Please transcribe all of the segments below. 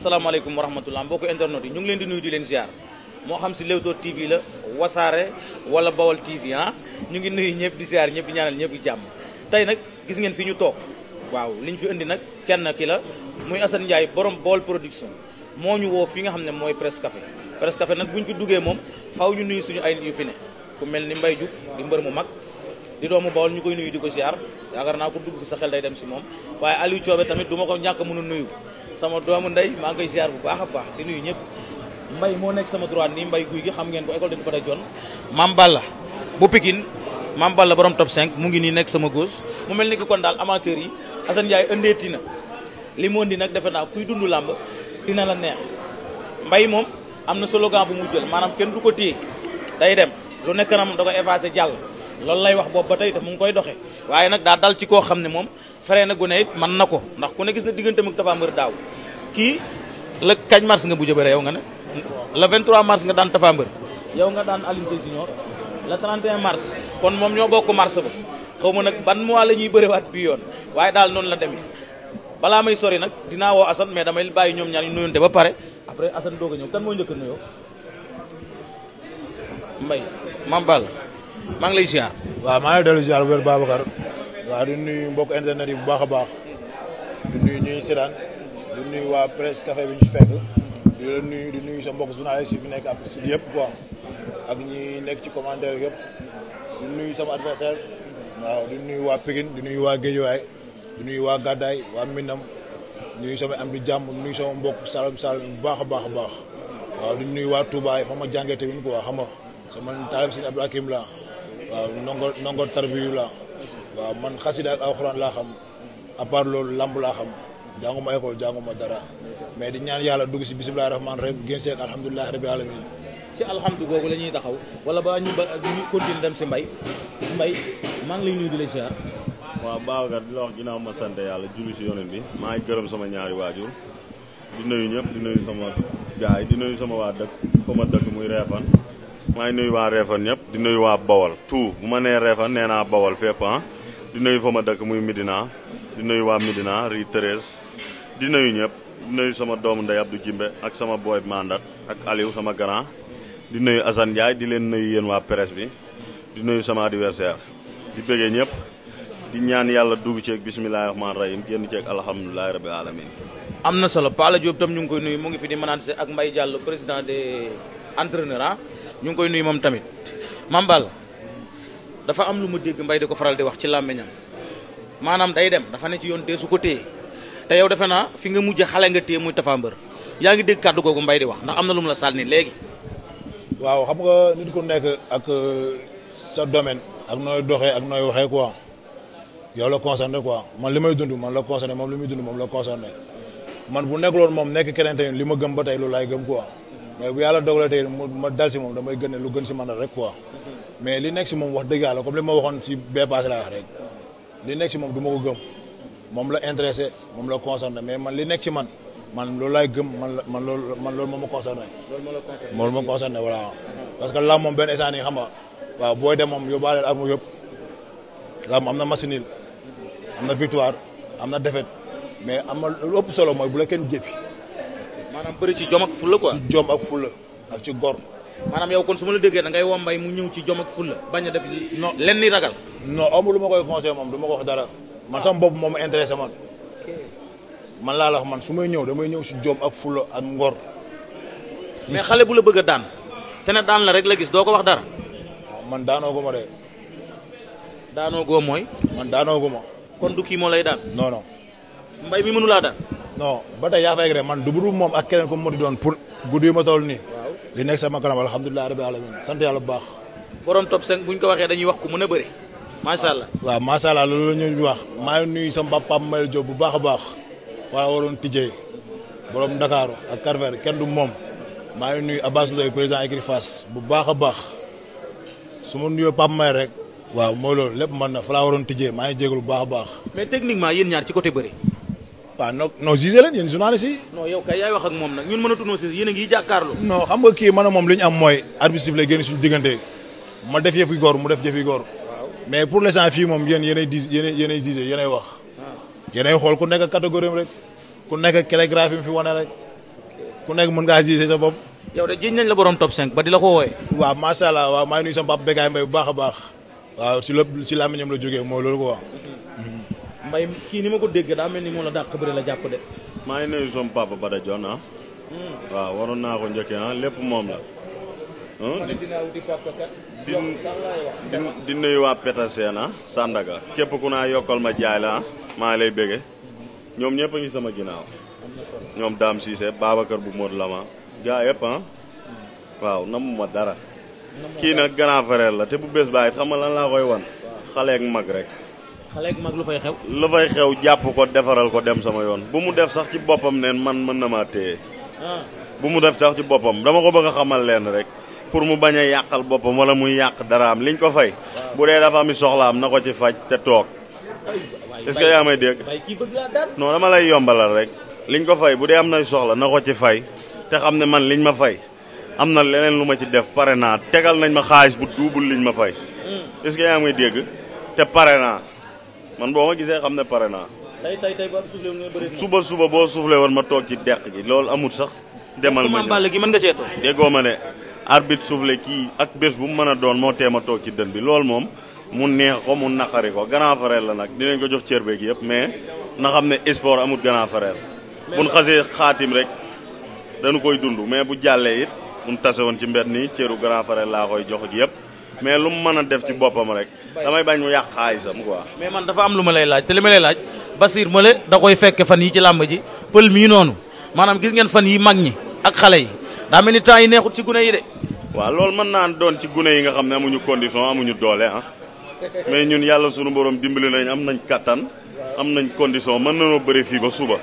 asalaamaaleykum wa rahmatullah mbokku internet yi ñu ngi leen di nuyu di leen ziar moo xam si Leewtoo TV la wasaare wala Bawol TV ah ñu ngi nuyu ñëpp di ziar ñëpp di ñaanal ñëpp di jàmm tey nag gis ngeen fii ñu toog waaw li ñu fi indi nag kenn ki la muy Assane Ndiaye borom Bawol production moo ñu woo fi nga xam ne mooy Presse Café Presse Café nag bu ñu fi duggee moom faw ñu nuyu suñu ay nit yu fi ne ku mel ni mbay Diouf di mbër mu mag di doomu Bawol ñu koy nuyu di ko ziar yaakaar naa ko dugg day dem si moom waaye tamit du ma ko ñàkk mënu nuyu sama doomu ndey maa ngi koy ziar bu baax a baax di nuyu ñëpp mbay moo nekk sama droit nii mbay guy gi xam ngeen ko école de Bada Dione Mame Balla bu Pikine Mame Balla borom top 5 mu ngi nii nekk sama gauche mu mel ni ki kon daal amateur yi Assane Ndiaye ëndeeti na li mu indi nag defe naa kuy dund làmb dina la neex mbay moom am na slogan bu mu jël maanaam kenn du ko téye day dem lu nekk na moom da ko effacé jàll loolu lay wax boobu ba tey te mu ngi koy doxe waaye nag daa dal ci koo xam ne moom freiné gu ne it na ko ndax ku ne gis na digganteem ak Tapha Mbeur daaw kii la kañ mars nga bu jëbëre yow nga ne le 23 mars nga daan Tapha Mbeur yow nga daan Alioune Sèye Junior le 31 mars kon moom ñoo bokk mars ba xaw ma nag ban mois la ñuy bëriwaat bi yoon waaye daal noonu la demee balaa may sori nag dinaa woo Assane mais damay bàyyi ñoom ñaar ñu nuyoonte ba pare après Assane doog a ñëw kan moo njëkk a nuyoo Mbaye Mame Balla maa ngi lay ziar. waa maa ngi lay dellu ziar waa di nuyu mbokk internet yi bu baax a baax di nuyu ñuy seetaan di waa presse café bi ñu fekk di la nuyu di nuyu mbokk journaliste yi fi nekk ak si yëpp quoi ak nekk ci commentaire yëpp di nuyu sama adversaire di nuyu waa Pikine di nuyu waa Guédiawaye di nuyu waa Gàddaay waa Minam nuyu sama am di jàmm nuyu sama mbokk Saloum Saloum bu baax a baax a baax waaw di nuy waa Touba fa ma jàngee tamit quoi xam nga sama taalib Sëñ Abdou Hakim la waaw ndongo ndongo tarbiyu la waaw man xasida ak alxuraan laa xam à part loolu lamb laa xam jànguma école jànguma dara mais di ñaan yàlla dugg si bisimilahi rahmaani rahim gén seeg alhamdulilahi rabi alamin ci alhamdu googu la ñuy taxaw wala ba ñu ba ñu di la ziar waaw Babacar wax ginnaaw ma sant yàlla julli si yonent bi maa ngi gërëm sama ñaari waajur di nuyu ñëpp di nuyu sama gaay di nuyu sama waa dëkk fa ma dëkk muy reefan maa ngi nuyu waa reefan ñëpp di nuyu waa bawal tout bu ma nee reefan nee naa di nuyu fa ma dëkk muy Medina di nuyu waa Medina Rue Thérèse di nuyu ñëpp di nuyu sama doomu ndey Abdou Jimbe ak sama booy Mandat ak Aliou sama grand di nuyu Assane Ndiaye di leen nuyu yéen waa presse bi di nuyu sama adversaire di bëggee ñëpp di ñaan yàlla dugg ceeg bisimilah rahmaani rahim génn ceeg alhamdulilah rabil alamin am na solo Pala Diop tam ñu ngi koy nuyu mu ngi fi di mënaat ak Mbaye jàll président des entraîneurs ah ñu ngi koy nuyu moom tamit Mambal. dafa am lu ma dégg mbay di ko faral di wax ci làmmiñam maanaam day dem dafa ne ci yoon dee su ko téye te yow defe naa fi nga mujj xale nga téye muy Tapha yaa ngi dégg kàddu googu mbay di wax ndax am na lu ma la sànni léegi. waaw xam nga nit ku nekk ak euh, sa domaine ak nooy doxee ak nooy waxee quoi yow la concerné quoi man li may dund man la concerné moom li muy dund moom la concerné man bu nekk loolu moom nekk keneen tey li ma gëm ba tey loolu gëm quoi mais bu yàlla dogalee tey ma dal moom damay gën lu gën si man rek quoi. mais li nekk si moom wax dëgg yàlla comme li ma waxoon si bee paase laa wax rek li nekk si moom du ma ko gëm moom la intéressé moom la concerné mais man li nekk ci man man loolu laay gëm man la man loolu man loolu moom ma concerné. loolu moo la concerné loolu moo concerné voilà. parce que là moom benn instant nii xam nga waaw booy dem moom yóbbaale ak mu yëpp là am na machine am na victoire am na défaite mais am na lu ëpp solo mooy bu la kenn jéppi. maanaam bëri ci jom ak fulla quoi. jom ak fulla ak ci gor. maanaam yow kon su ma la déggee da ngay woo mbay mu ñëw ci jom ak fulla bañ a def non lenn ni ragal non amul lu ma koy conseillé moom du ma ko wax dara man sama bopp moom intéressé man man laa la wax man su may ñëw damay ñëw si jom ak fulla ak ngor mais xale bu bëgg a daan te daan la rek la gis doo ko wax dara ah, man daanoo gu ma daanoo goo mooy man daanoo gu ma kon du kii moo lay daan no non mbay mi mënu laa daan non ba te yaa fay rek man du budul moom ak keneen ko mu di doon pour guddi ma toll nii li nekk sama kanam alhamdulilah rabbil alamin sant bu baax. borom top 5 bu ñu ko waxee dañuy wax ku mën a bëre. macha allah waaw macha allah loolu la wax maa ngi nuyu sama papa Pape Mayel bu baax a baax waa waroon tijjee borom Dakar ak Carver kenn du moom maa ngi nuyu Abbas Ndoye président écurie Fass bu baax a baax su ma nuyoo Pape Mayel rek waaw mooy lool lépp mën na fa la waroon tijjee maa ngi jégalu bu baax a baax. mais techniquement yéen ñaar ci côté bëri. waaw no non gisé leen yéen journaliste yi. non yow kay yaay wax ak moom nag ñun mënatunoo si yéen a ngi jàkkaarloo. non xam nga kii man a moom li ñu am mooy arbitre siffle génn suñu diggante ma def yëfi góor mu def yëfi góor. mais pour l'instant fii moom yéen yéenay di yéenay yéenay gisé yéenay wax. Ah. yéenay xool ku nekk catégorie rek ku nekk calligraphie mu fi wane rek ku nekk mën ngaa gisé sa bopp. yow de jiñ nañ la borom top 5 ba di la ko wooyee. waaw macha allah waaw maa ngi nuyu sama bu baax a baax waaw si la si làmmiñam la jógee mooy loolu ko mbay kii ni ma ko dégg daa ni moo dàq bëri la jàpp maa ngi nuyu soon papa Bada Dione ah. hmm. waaw waroon naa ko njëkkee ah lépp moom la. Hmm? di di di nuyu waa ah, képp ku naa yokkal ma jaay la ah maa lay bége ñoom ñëpp a ngi sama ginnaaw. ñoom Dame Cissé Babacar bu Modou Lama gaa yëpp ah. Hmm. waaw namu ma dara. kii nag grand frère la te bu bés bàyyi xam nga lan laa koy wan. xale ak mag rek. xale ak mag lu fay xew. lu fay jàpp ko defaral ko dem sama yoon bu mu def sax ci boppam neen man mën na maa téye. Ah. bu mu def sax ci boppam dama ko bëgg a xamal leen rek pour mu bañ a yàqal boppam wala muy yàq dara am liñ ko fay. bu dee dafa am na ko ci faj te toog. est-ce que yaa may dégg. non dama lay yombalal rek. liñ ko fay bu dee am na soxla na ko ci fay te xam ne man liñ ma fay am na leneen lu ma ci def pare naa tegal nañ ma xaalis bu duubul liñ ma fay. Hmm. est yaa man boo ma gisee xam ne pare naa. tey suba suba boo suuflee woon ma toog ci deq gi loolu amul sax. demal ma ñëw gi mën nga cee toog. ma ne arbitre suufle kii ak bés bu mu mën a doon moo tee ma toog ci dën bi loolu moom mu neex ko mu naqari ko grand frère la nag dinañ ko jox cër beeg yëpp mais na xam ne sport amul ganaa frère. bu ñu xaatim rek danu koy dund mais bu jàllee it bu ñu tase woon ci mbed nii cëru grand frère laa koy jox ak yëpp. mais lu mu mën a def ci boppam rek damay bañ mu yàq xaalisam quoi. mais man dafa am lu ma lay laaj te li ma lay laaj Basir Mële da koy fekke fan yi ci làmb ji pël mii noonu maanaam gis ngeen fan yi mag ñi ak xale yi daa mel ni temps yi neexut ci gune yi de. waaw loolu mën naa doon ci gune yi nga xam ne amuñu condition amuñu doole ah mais ñun yàlla sunu borom dimbali nañ am nañ kattan am nañ condition mën na nañoo bëri fii ba suba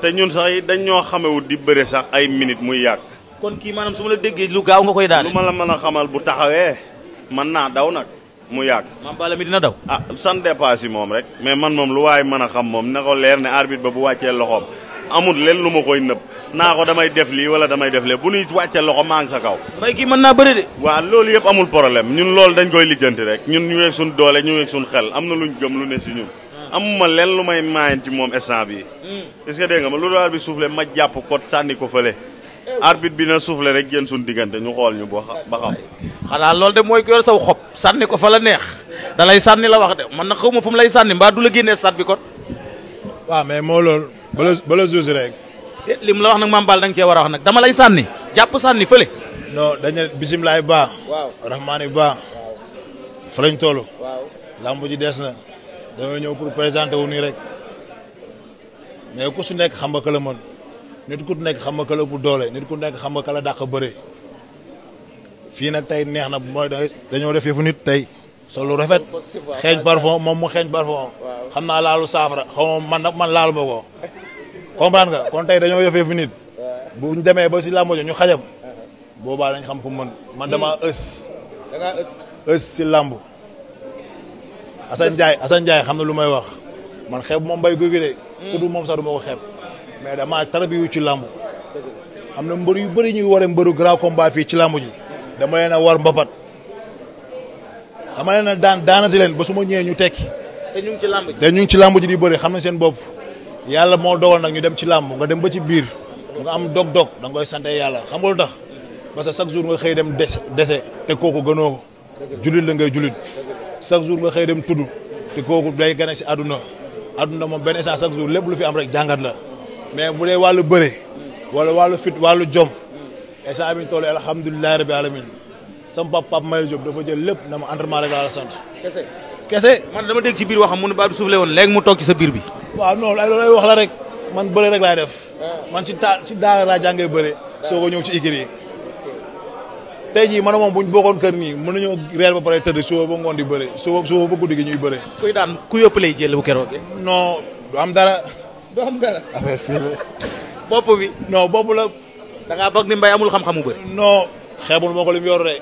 te ñun sax yi dañ ñoo xamewut di bëri sax ay minutes muy yàgg. kon kii maanaam su la déggee lu gaaw nga koy daal. lu ma mën a xamal bu taxawee. man naa daw nag mu yàgg. maam Balla mi dina daw. a ah, sans dépasse yi moom rek. mais man moom lu waaye mën a xam moom na ko leer ne arbitre ba bu wàccee loxoom amul leen lu ma koy nëb naa ko damay def lii wala damay def lee bu nuy wàccee loxo maa ngi sa kaw. mbay kii mën naa bëri de. waaw loolu yëpp amul problème ñun loolu dañ koy lijjanti rek ñun ñu ngeeg suñ doole ñu ngeeg suñ xel am na luñ gëm lu ne si ñun. Ah. amuma leen lu may maayan ci moom instant bii. Hmm. est-ce que dégg ma lu daal arbitre bi na soufflé rek génn suñu diggante ñu xool ñu ba ba xam. xanaa loolu de mooy ku saw xob sànni ko fa la neex dalay sànni la wax de man na xaw ma fu mu lay sànni mbaa du la génnee stade bi kon. waaw mais moo lool bala la ba la juge rek. Eh, lim la wax nag maam Baal da cee war a wax nag dama lay sànni jàpp sànni fële. non dañu ne bisimilah ba. waaw rahmaani ba. fa lañ toll. waaw ji des na. dañoo ñëw pour présenter nii rek mais ku su nekk xam nga ka mën. nit ku nekk xam nga kala bu doole nit ku nekk xam nga kala dàq bëre fii nag tey neex na mooy dañoo def yëfu nit tey solo lu rafet xeeñ parfum moom mu xeeñ parfum xam naa laalu saafara xaw ma man nag man laalu ma ko comprendre nga kon tey dañoo def yëfu nit bu ñu demee ba si làmb jo ñu xajam boobaa dañ xam ko mën man dama hmm. ës ës si làmb Assane Ndiaye Assane Ndiaye xam na lu may wax man xeeb moom mbay guy gi de. Hmm. ku du moom sax du ma xeeb mais dama tarbiyu ci làmb am na mbër yu bëri ñuy war a mbëru grand combat fii ci làmb ji dama leen a war mbapat dama leen a daan daanati leen ba su ma ñëwee ñu tekk te ñu ngi ci làmb ji te di bëri xam na seen bopp yàlla moo dogal nag ñu dem ci làmb nga dem ba ci biir nga am dog-dog da nga koy yàlla xam nga lu tax parce que chaque jour nga xëy dem dese dese te kooku gënoo ko. la ngay julit chaque jour nga xëy dem tudd te kooku day gane si àdduna àdduna moom benn instant chaque jour lépp lu fi am rek jàngat la. mais bu dee wàllu bëre. wala wàllu fit wàllu jom. instant bi ñu toll alhamdulilah rabi alamin sama papa papa Mayel Diop dafa jël lépp na ma entraînement rek laa la sant. kese kese. man dama dégg ci biir waxam mu ne Babou soufflé woon léegi mu toog ci sa biir bi. waaw non ay loolu wax la rek man bëre rek laay def. Ah. man si ta si daara laa jàngee bëre. Ah. soo ko ñëw ci igri yi. tey jii man moom bu ñu bokkoon kër nii mën nañoo réer ba pare tëdd suba ba ngoon di bëre suba suba ba guddi gi ñuy bëre. kuy daan ku yëpp lay jël bu keroog. am dara. doo am dara affaire bopp bi non bopp la. da ngaa bëgg ni mbay amul xam-xamu bëri. non xeebul moo ko lim yor de.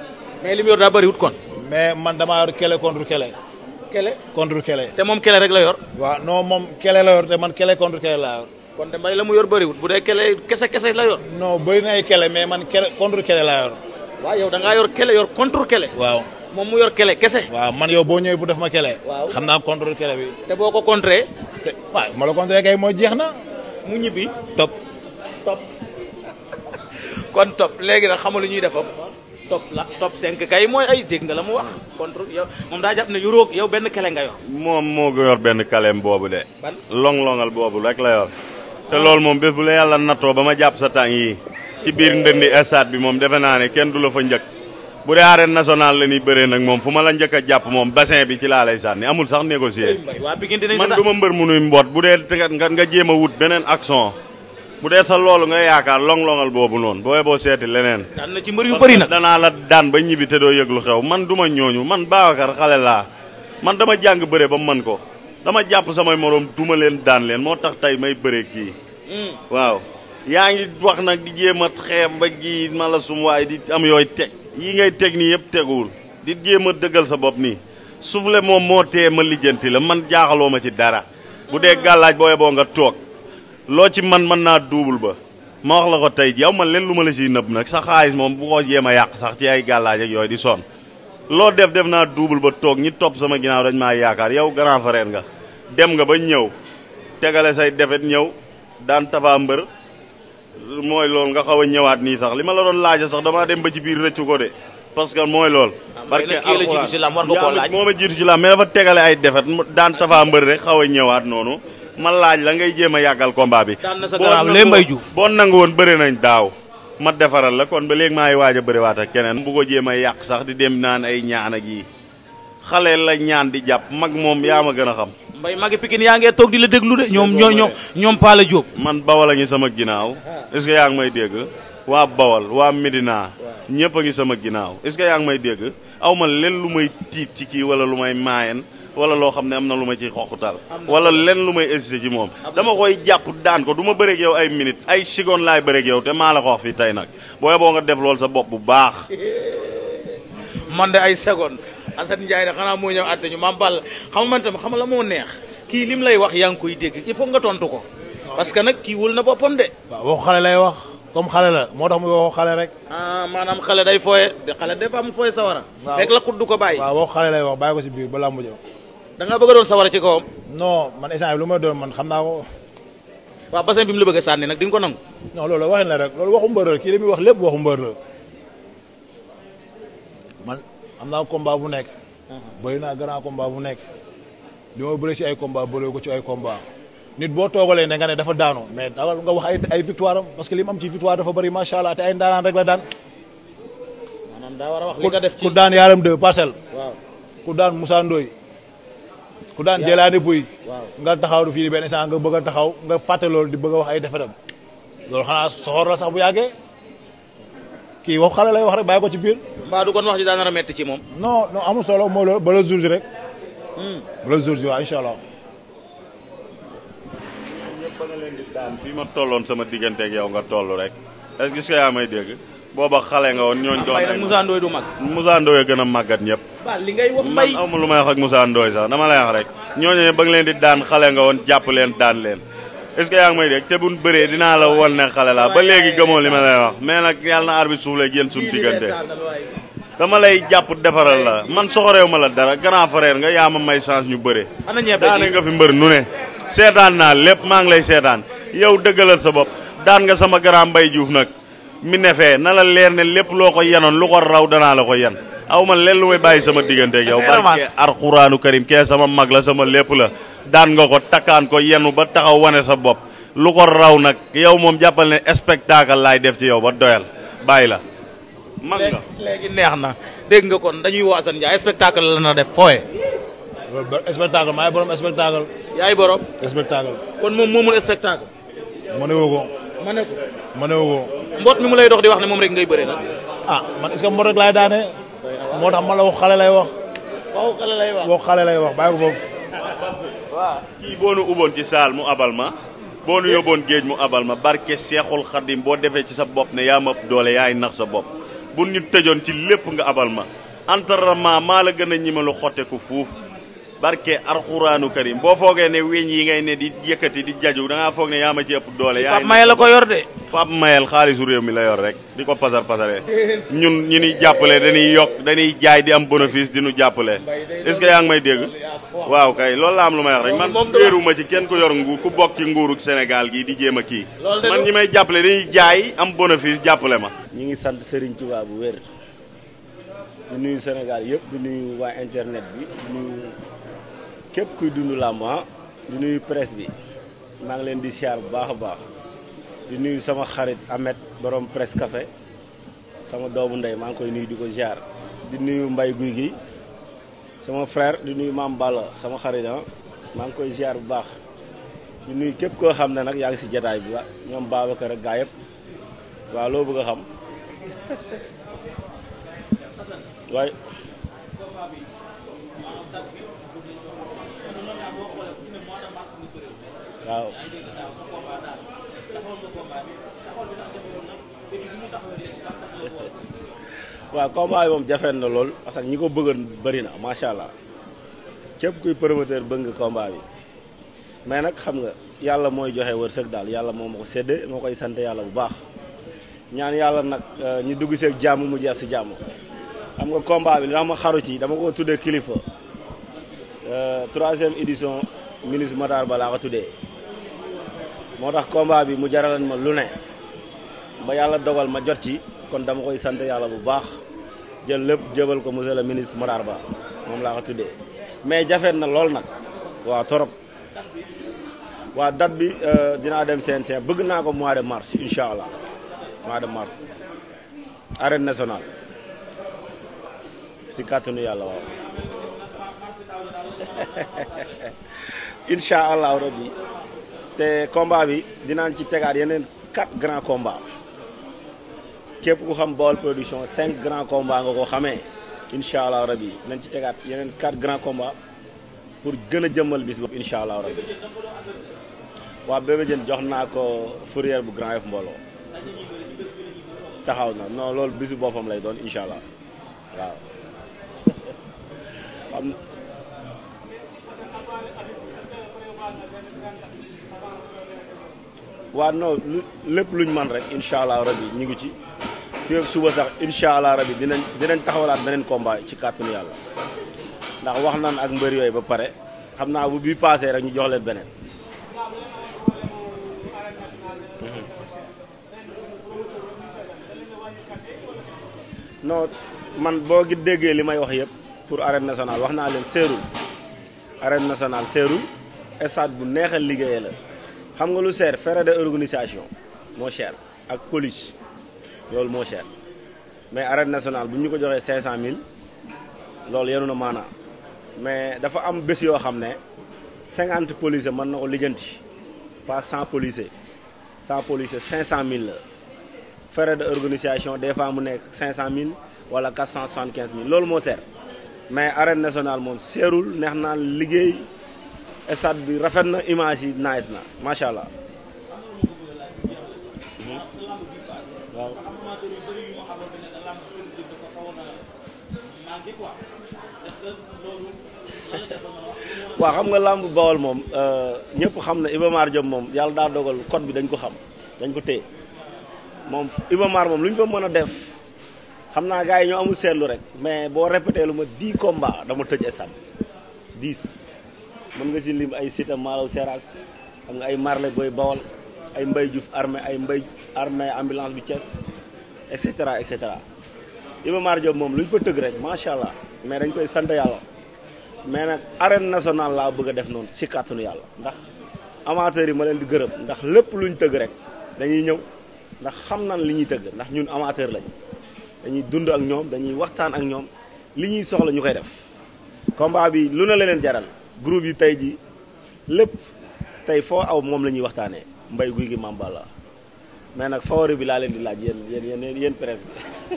mais lim yor daa bëriwut kon. mais man damaa yor kele contre kele. kele contre kele. te moom kele rek la yor. waaw no moom kele la yor te man kele contre kele laa yor. kon de mbay la mu yor bëriwut bu dee kele kese kese la yor. non bëri na ay kele mais man kele contre kele la yor. waaw yow da ngaa yor kele yor contre kele. waaw. moom mu yor kele kese. waaw man yow boo ñëwee bu def ma kele. waaw xam naa contre kele bi. te boo ko contré. te waaw ma la contré kay mooy jeex na. mu ñibbi. top kon top léegi nag xamal lu ñuy defam. top la top 5 kay mooy ay dégg nga la mu wax contre yow moom daa jàpp ne yu roog yow benn kele nga yor. moom moo yor benn kaleem boobu de. ban long-longal boobu rek la yor. te loolu moom bés bu la yàlla nattoo ba ma jàpp sa tànk yi ci biir ndëndi estaat bi moom defe naa ne kenn du la fo njëkk. bu dee arène national la ñuy bëree nag moom fu ma la njëkk a jàpp moom bassin bi ci laa lay sànni amul sax négocier man du mbër mu nuy mboot bu dee nga nga jéem a wut beneen action bu dee sa loolu nga yaakaar long-longal boobu noonu boo boo seeti leneen. daan na ci mbër yu bëri nag danaa la daan ba ñibbi te doo yëg lu xew man du ma ñooñu man Babacar xale laa man dama jàng bëre ba man ko dama jàpp samay moroom duma leen daan leen moo tax tey may bëre kii. Hmm. waaw yaa ngi wax nag di jéem a xeeb ba ji waay di am yooyu yi ngay teg nii yëpp teguwul di jéem a dëggal sa bopp nii soufflé moom moo tee ma lijjanti la man jaaxaloo ma ci dara bu dee gàllaaj boo yeboo nga toog loo ci man mën naa duubul ba ma wax la ko tey ji yow man leen lu ma la siy nëbb nag sa xaalis moom bu ko jéem a yàq sax ci ay gàllaaj ak yooyu di sonn loo def def naa duubul ba toog ñi topp sama ginnaaw dañ maa yaakaar yow grand frère nga dem nga ba ñëw tegale say defet ñëw daan tafaa mbër mooy loolu nga xaw a ñëwaat nii sax li ma la doon laaja sax damaa dem ba ci biir rëccu ko de. parce que mooy lool parce que kii la war nga koo laaj moo ma jiitu ci lam mais dafa tegale ay defet daan tafaa mbër rek xaw a ñëwaat noonu ma laaj la ngay jéem a yàggal combat bi boo nangu woon bëri nañ daaw ma defaral la kon ba léegi maa ngi waaj a bëriwaat ak keneen bu ko jéem a yàq sax di dem naan ay ñaan ak yi xale la ñaan di jàpp mag moom yaa ma gën a xam mbay magi pikin yaa ngee toog di la déglu de ñoom ñoo ñoom ñoom Pala Diop man bawal a ngi sama ginnaaw ah. est yaa ngi may dégg waa bawal waa Medina ñëpp a ngi sama ginnaaw est-ce que yaa ngi may dégg aw ma leen lu may tiit ci kii wala lu may maayen wala loo xam ne am na lu ma ciy xoqutal wala len lu may hésité ci moom dama koy jàpp daan ko du ma bëreeg yow ay minutes ay secondes laay bëreeg yow te maa la ko wax fii tey nag booy boo nga def loolu sa bopp bu baax man de ay secondes Assane Ndiaye de xanaa moo ñëw àtte ñu maam Balla xam man tam xam la moo neex kii lim lay wax yaa ngi koy dégg il faut nga tontu ko. parce que nag kii wul na boppam de. waaw waxu xale lay wax comme xale la moo tax muy waxu xale rek. ah maanaam xale day fooye de xale des fois mu sawara. waaw fekk du ko bàyyi. waaw waxu lay wax bàyyi si biir ba làmb ja. da ngaa bëgg a doon ci kawam. non man lu ma doon man xam naa ko. waaw bassin bi sànni nag di ko nangu. non loolu waxin la loolu waxu mbër la kii li muy wax lépp waxu mbër man am na combat bu nekk. bëri naa grand komba bu nekk. li ma bëri si ay combat bëree ko ci ay combat nit boo toogalee ne nga ne dafa daanu mais dawal nga wax ay ay victoire am parce que li mu am ci dafa bëri macha allah te ay ndaanaan daa war a wax li nga def ci ku daan yaaram deux parcelles. waaw ku daan Moussa Ndoye. ku daan jëlaani buy nga taxaw du fii di benn instant nga bëgg a taxaw nga fàtte loolu di bëgg wax ay defetam loolu xanaa soxor sax bu yàggee kii wax xale lay wax rek bàyyi ko ci biir. mbaa du kon wax ji daan na metti ci moom. non non amul solo mooy loolu ba le jour ji rek. Hmm. ba le jour ji waaw allah. ma tolloon sama diggante yow nga toll rek est-ce que dégg. booba xale nga woon ñooñu doon ay Moussa Ndoye du mag. Moussa Ndoye gën a màggat ñëpp. waaw li ngay wax mbay man lu may wax ak Moussa Ndoye sax dama la wax rek. ñooñu ba nga leen di daan xale nga woon jàpp leen daan leen. est ce que yaa ngi may dégg te buñ bëree dinaa la wan ne xale laa ba léegi gëmoo li ma lay wax mais nag yàlla na arbitre suuf lay génn suñu diggante dama lay jàpp defaral la man soxoreew ma la dara grand frère nga yaa ma may chance ñu bëre daane nga fi mbër nu ne seetaan naa lépp maa ngi lay seetaan yow dëggalal sa bopp daan nga sama grand Mbaye Diouf nag mi nefee na la leer ne lépp loo ko yenoon lu ko raw danaa la ko yen aw ma lenn lu may bàyyi sama digganteeg yow. barke alxuraanu karim kee sama mag la sama lépp la daan nga ko takkaan ko yenu ba taxaw wane sa bopp lu ko raw nag yow moom jàppal ne spectacle laay def ci yow ba doyal bàyyi la. mag nga léegi neex na dégg nga kon dañuy woo Assane Ndiaye spectacle la na def fooye. spectacle maay borom spectacle. yaay borom. spectacle. kon moom moomul spectacle. ma ne woo ko. ma ne ma ne woo ko. mboot mi mu lay dox di wax ne moom rek ngay bëre nag. Ah, moo tax ma la wax xale lay wax. waxu xale lay wax waxu xale lay wax bàyyi foofu. waaw kii boo nu ubboon ci saal mu abal ma. boo nu yóbboon géej mu abal ma barke seexul xadim boo defee ci sa bopp ne yaa ma doole yaay nax sa bopp bu ñu tëjoon ci lépp nga abal ma. entraînement maa la gën a ñimalu xotteku fuuf. barke arxuraanu karim boo foogee ne weñ yi ngay ne di yëkkati di jaju da ngaa foog ne yaa ma ci ëpp doole. yaa Pape Mayel la ko yor de. Pape Mayel xaalisu réew mi la yor rek di ko pasar pasaree ñun ñu ni jàppale dañuy yokk dañuy jaay di am bénéfice di nu jàppale est-ce que yaa ngi may dégg. waaw kay loolu la am lu ma wax rek man wéeruma ci kenn ku yor nguur ku bokk ci nguuru Sénégal gii di jéem a kii. man ñi may jàppale dañuy jaay am bénéfice jàppale ma. ñu ngi sant Serigne Touba bu wér Sénégal yëpp di nuyu waa internet bi képp kuy dund làmb ah, di nuyu presse bi maa ngi leen di siyaar bu baax a baax di nuyu sama xarit Ahmed borom presse café sama doomu ndey maa ngi koy nuyu di ko siyaar di nuyu mbay guy gi sama frère di nuyu maam Balla sama xarit ah maa ngi koy siyaar bu baax di nuyu képp koo xam ne nag yaa ngi si jataay bi wa ah, ñoom Babacar ak gaa yëpp waaw loo bëgg a xam waaye waaw waaw combat bi moom jafeen na lool parce que ñi ko bëggoon bëri na macha allah képp kuy promoteur bëgg nga combat bi mais nag xam nga yàlla mooy joxe wërsëg daal yàlla moo ma ko séddee moo koy sant yàlla bu baax ñaan yàlla nag euh, ñu dugg seeg jàmm mu jeex si jàmm xam nga combat bi li ma xaru ci dama ko tuddee kilifa euh, troisième édition ministre Matar Ba ko tuddee. moo tax combat bi mu jaralan ma lu ne ba yàlla dogal ma jot ci kon dama koy sant yàlla bu baax jël lépp jëbal ko monsieur le ministre Matar Ba moom laa ko tuddee mais jafeet na lool nag waaw torop waa date bi euh, dinaa dem CNC bëgg naa ko mois de mars incha allah mois de mars arène nationale si kàttanu yàlla waaw incha allah te combat bi dinaan ci tegaat yeneen quatre grands combats képp ku xam Baol production cinq grands combats nga ko xamee incha allah rabi nañ ci tegaat yeneen quatre grands combats pour gën a jëmmal bis boobu incha allah rabi waaw Bébé Diène jox naa ko fourrière bu Grand Yoff mbooloo taxaw na non loolu bisu boppam lay doon incha allah waaw. waaw non lépp luñ man rek incha allah rabi ñu ngi ci fii ak suba sax incha allah rabi dinañ dinañ taxawalaat beneen combat ci kàttanu yàlla ndax wax naan ak mbër yooyu ba pare xam naa bu bii paasee rek ñu jox leen beneen. Mhm. no man boo gi déggee li may wax yëpp pour arène nationale wax naa leen seerul arrêt national seerul stade bu neexal liggéeye la. xam nga lu seer frais de organisation moo cher ak colis loolu moo cher mais arène nationale bu ñu ko joxee 500000 loolu yenu na maanaa mais dafa am bés yoo xam ne 50 policiers mën na ko lijjanti pas 100 policiers 100 policiers 500000 la frais de organisation des fois mu nekk 500000 wala 475000 loolu moo seer mais arène nationale moom seerul neex naa liggéey. stade bi rafet na image yi nice na macha allah. waaw. xam nga làmb bawol moom euh, ñëpp xam na Iba Mar Diop moom yàlla daa dogal code bi dañ ko xam dañ ko téye moom Iba moom lu ñu fa mën a def xam naa gaa yi ñoo amul seetlu rek mais boo répété lu ma 10 combats dama tëj stade 10. mën nga si lim ay Sita Malaw Seras xam nga ay Marle Boy Bawol ay Mbay Diouf armée ay Mbay armée ambulance bi Thiès et cetera et cetera Iba Mar Diop moom lu ñu fa tëgg rek macha allah mais dañ koy sant yàlla mais nag arène national laa bëgg a def noonu si kàttanu yàlla ndax amateurs yi ma leen di gërëm ndax lépp lu ñu tëgg rek dañuy ñëw ndax xam nan li ñuy tëgg ndax ñun amateur lañ dañuy dund ak ñoom dañuy waxtaan ak ñoom li ñuy soxla ñu koy def combat bi lu na jaral. groupe yi tey ji lépp tey foo aw moom la ñuy waxtaanee mbay guy gi Mame Balla mais nag favori bi laa leen di laaj yéen yéen yéen yéen presse bi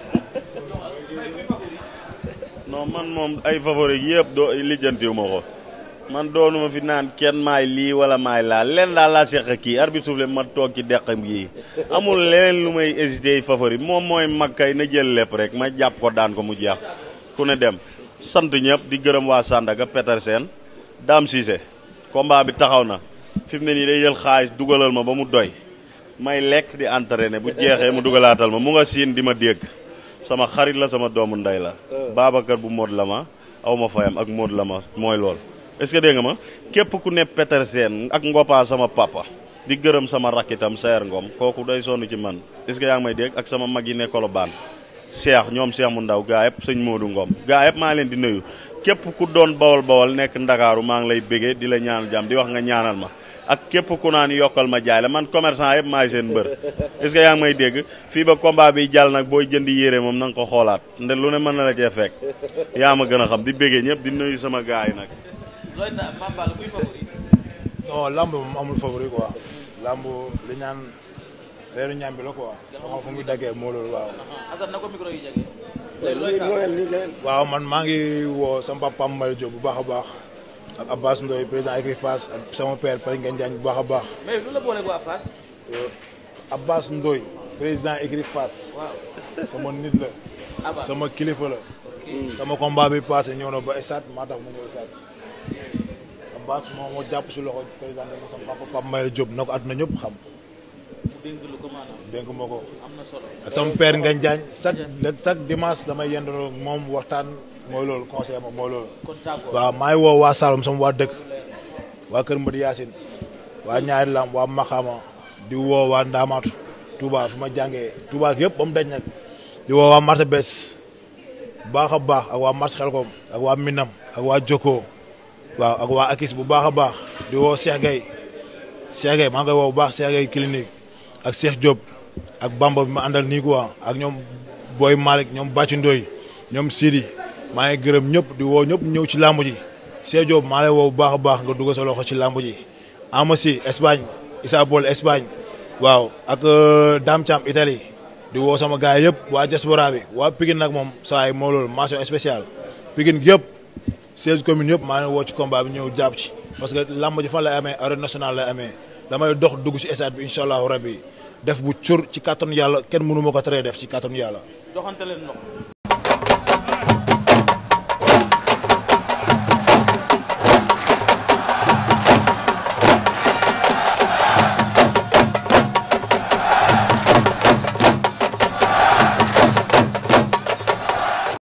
man moom ay favori yëpp doo lijjantiwu ma ko man doonuma fi naan kenn maay lii wala maay laa leen laa laa seq kii arbitre suuf ma toog ci deqam gii amul leneen lu may hésité favori moom mooy mag kay na jël lépp rek ma jàpp ko daan ko mu jeex ku ne dem sant ñëpp di gërëm waa Sandaga Petersen Dame Cissé combat bi taxaw na fi mu ne nii day jël xaalis dugalal ma ba mu doy may lekk di ne bu jeexee mu dugalaatal ma mu nga siin di ma dégg sama xarit la sama doomu ndey la. Babacar bu moot la ma aw ma fayam ak moot la ma mooy lool. est ce que nga ma képp ku ne Petersen ak Ngopa sama papa di gërëm sama rakkitam Seer ngoom kooku day sonn ci man est ce que yaa ngi may dégg ak sama mag yi ne Colobane. Seex ñoom Seex mu ndaw gaa yëpp sëñ Modou Ngom gaa maa leen di nuyu képp ku doon bawal bawal nekk ndakaaru maa ngi lay béggee di la ñaanal jàmm di wax nga ñaanal ma ak képp ku naan yokkal ma jaay la man commerçant yëpp maay seen mbër est-ce que dégg fii ba combat bi jal nag booy jënd yére moom nang nga ko xoolaat nde lu ne mën na la cee fekk yaa ma gën a xam di béggee ñëpp di nuyu sama gars yi nag. non lamb moom amul favori quoi. lamb weeru ñaam bi la quoi. daggee moo loolu ko micro man maa ngi woo sama papa Malick Diop bu baax a baax. ak Abbas sama père Pari Ngagne baax a baax. mais lu la euh, président écurie sama nit la. sama kilifa la. sama combat bi passé ñëw na ba stade maa tax mu ñëw stade. Abbas moom moo jàpp si loxo président sama papa Papa Malick na ko àdduna ñëpp xam. dénk ma ko ak sama père Ngagne Diagne chaque chaque dimanche moom waxtaan mooy loolu conseil ma mooy loolu waaw maa waa Saloum sama waa dëkk waa Kër Mbadi Yacine waa Ñaari Lam waa Maxama di woo waa Ndaamaatu Touba fi ma jàngee Touba yëpp ba mu daj nag di woo waa marché Bes baax a baax ak waa marché Xelkom ak waa Minam ak waa Jokko waaw ak waa Akis bu baax di woo Cheikh Gueye Cheikh Gueye maa ngi koy bu baax Cheikh Gueye clinique ak Cheikh Diop ak Bamba bi ma àndal nii quoi ak ñoom booy Malick ñoom Bacci Ndoy ñoom Sidi maa ngi gërëm ñëpp di woo ñëpp ñëw ci làmb ji Cheikh Diop maa lay woo bu baax a baax nga dugal sa loxo ci làmb ji Amasi Espagne Issa Bol Espagne waaw ak euh, Dame Thiam Italie di woo sama gars yëpp waa diaspora bi waa Pikine nag moom saa yi moo loolu mention spéciale Pikine yëpp seize communes yëpp maa ngi woo ci combat bi ñëw jàpp ci parce que làmb ji fan lay amee arène national lay amee damay dox dugg ci stade bi incha allahu rabbi def bu cur ci kàttanu yàlla kenn mënuma ko teree def ci kàttanu yàlla. joxante leen loxo.